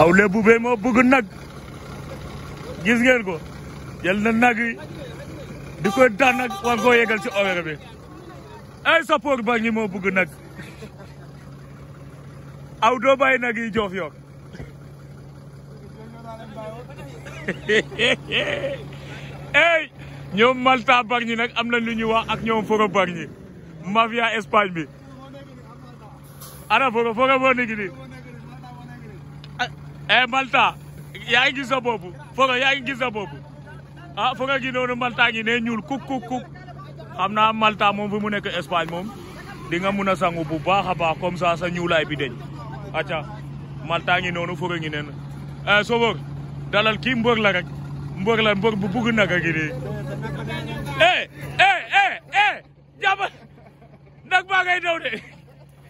aw lébu bey moo bëgg nag gis ngeen ko jël na nag yi di koy daan nag war koo yegal ci horaire bi ay sa ba ñi moo bëgg nag aw doo bàyyi nag yi joof yook ey ñoom Malta bar nag am na lu ñuy wax ak ñoom foro bar ñi mafia Espagne bi ana foro foro boo nigi nii e Malta yaa ngi gis sa bopp yaa ngi gis sa bopp ah Feugueu gi noonu Malta gi ne ñuul kuk kuk kuk xam naa Malta moom fi mu nekk Espagne moom di nga mun a sangu bu baax a baax comme sa ñuulaay bi deñ acca Malta ngi noonu Feugueu ngi nen eh, Sofër dalal kii mbër la rek mbër la mbër bu bugg naka gi nii eh eh eh eh jàppal nag baa ngay daw de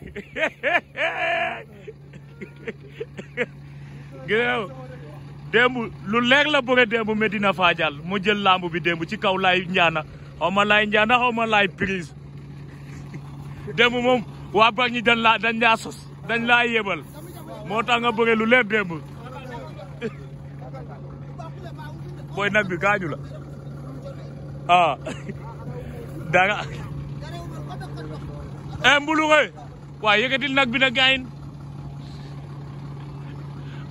gërëw lu leer la bëre démb Medina Fadial mu jël lamb bi démb ci kaw laay njaana xaw ma njaana xaw ma prise démb moom waa bag ñi dañ laa dañ laa sos dañ laa yebal moo tax nga lu leer démb booy nag bi gaañu la ah dara e mbulu xe waa yëkkatil nag bi na gaayin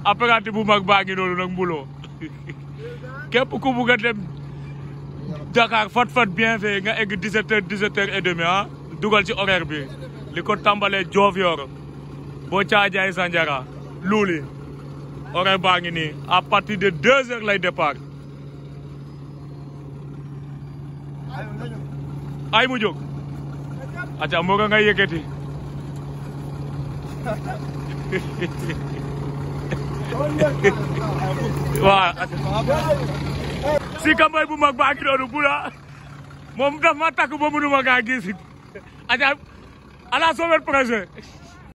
apprenti bu mag baa ngi noonu nag mbuloo képp ku bugg a dem fat-fat bien fait nga egg 17 heures 17 heures et demi ah dugal ci horaire bi li ko tàmbalee Diofior boo caajaay Sandiara luuli horaire baa ngi nii à partir de deux heures lay départ ay mu jóg aca moo nga Wala Sikambay bu mak bakri anu pula Mamda mat taku bomounu mak aki sit Ate ap Ala somet prase